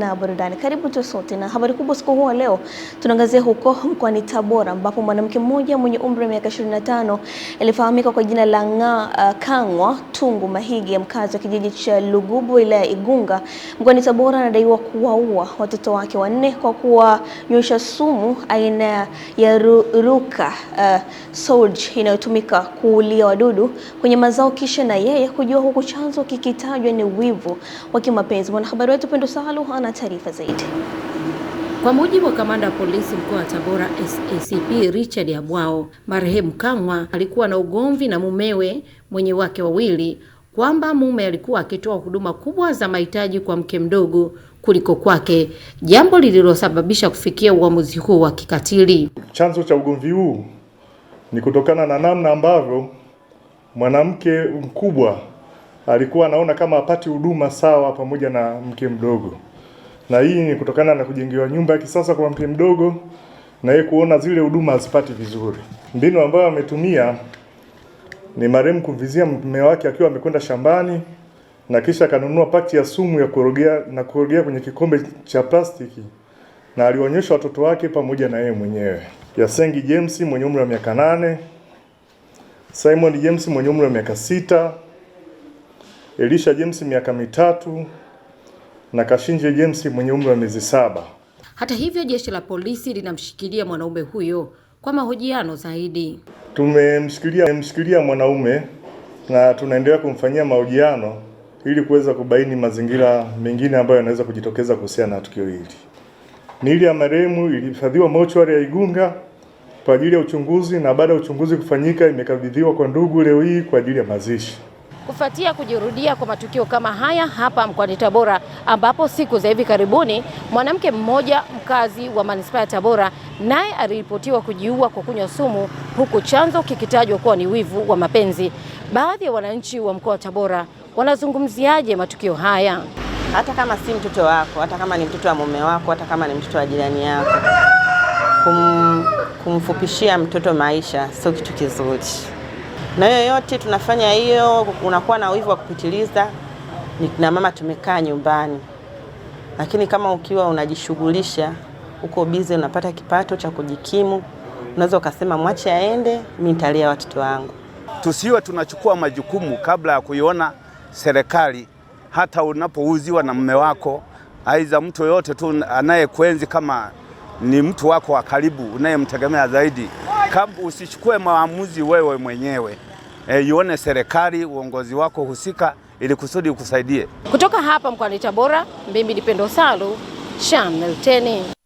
Na burudani, karibu tu sote na habari kubwa siku huwa leo tunaangazia huko mkoani Tabora ambapo mwanamke mmoja mwenye umri wa miaka 25 alifahamika kwa jina la nga, uh, Kang'wa Tungu ya mkazi wa kijiji cha Lugubu ila ya Igunga mkoani Tabora, anadaiwa kuwaua watoto wake wanne kwa kuwanywesha sumu aina ya Ruka uh, Solj inayotumika kuulia wadudu kwenye mazao kisha na yeye kujua huku chanzo kikitajwa ni wivu wa kimapenzi. Mwanahabari wetu Pendo Salu na taarifa zaidi. Kwa mujibu wa kamanda wa polisi mkoa wa Tabora SACP Richard Abwao, marehemu Kamwa alikuwa na ugomvi na mumewe mwenye wake wawili kwamba mume alikuwa akitoa huduma kubwa za mahitaji kwa mke mdogo kuliko kwake, jambo lililosababisha kufikia uamuzi huo wa kikatili. Chanzo cha ugomvi huu ni kutokana na namna ambavyo mwanamke mkubwa alikuwa anaona kama apati huduma sawa pamoja na mke mdogo na hii ni kutokana na kujengewa nyumba ya kisasa kwa mke mdogo na yeye kuona zile huduma hazipati vizuri. Mbinu ambayo ametumia ni marehemu kuvizia mume wake akiwa amekwenda shambani na kisha akanunua pakti ya sumu ya kurogea na kurogea kwenye kikombe cha plastiki na alionyesha watoto wake pamoja na yeye mwenyewe. Yasengi James mwenye umri wa miaka nane, Simon James mwenye umri wa miaka sita, Elisha James miaka mitatu na Kashinje James mwenye umri wa miezi saba. Hata hivyo, jeshi la polisi linamshikilia mwanaume huyo kwa mahojiano zaidi. Tumemshikilia mshikilia mwanaume na tunaendelea kumfanyia mahojiano ili kuweza kubaini mazingira mengine ambayo yanaweza kujitokeza kuhusiana na tukio hili. Miili ya marehemu ilihifadhiwa mochwari ya Igunga kwa ajili ya uchunguzi na baada ya uchunguzi kufanyika imekabidhiwa kwa ndugu leo hii kwa ajili ya mazishi kufuatia kujirudia kwa matukio kama haya hapa mkoani Tabora, ambapo siku za hivi karibuni mwanamke mmoja mkazi wa manispaa ya Tabora naye aliripotiwa kujiua kwa kunywa sumu, huku chanzo kikitajwa kuwa ni wivu wa mapenzi. Baadhi ya wananchi wa mkoa wa Tabora wanazungumziaje matukio haya? Hata kama si mtoto wako, hata kama ni mtoto wa mume wako, hata kama ni mtoto wa jirani yako, kum, kumfupishia mtoto maisha sio kitu kizuri na hiyo yote tunafanya hiyo, unakuwa na wivu wa kupitiliza. Ni na mama tumekaa nyumbani, lakini kama ukiwa unajishughulisha uko bize, unapata kipato cha kujikimu, unaweza ukasema mwache aende, mimi nitalia watoto wangu. Tusiwe tunachukua majukumu kabla ya kuiona serikali. Hata unapouziwa na mume wako, aidha mtu yoyote tu anayekuenzi, kama ni mtu wako wa karibu unayemtegemea zaidi usichukue maamuzi wewe mwenyewe e, ione serikali uongozi wako husika ili kusudi ukusaidie. Kutoka hapa mkoani Tabora, mimi ni Pendo Salu, Channel 10.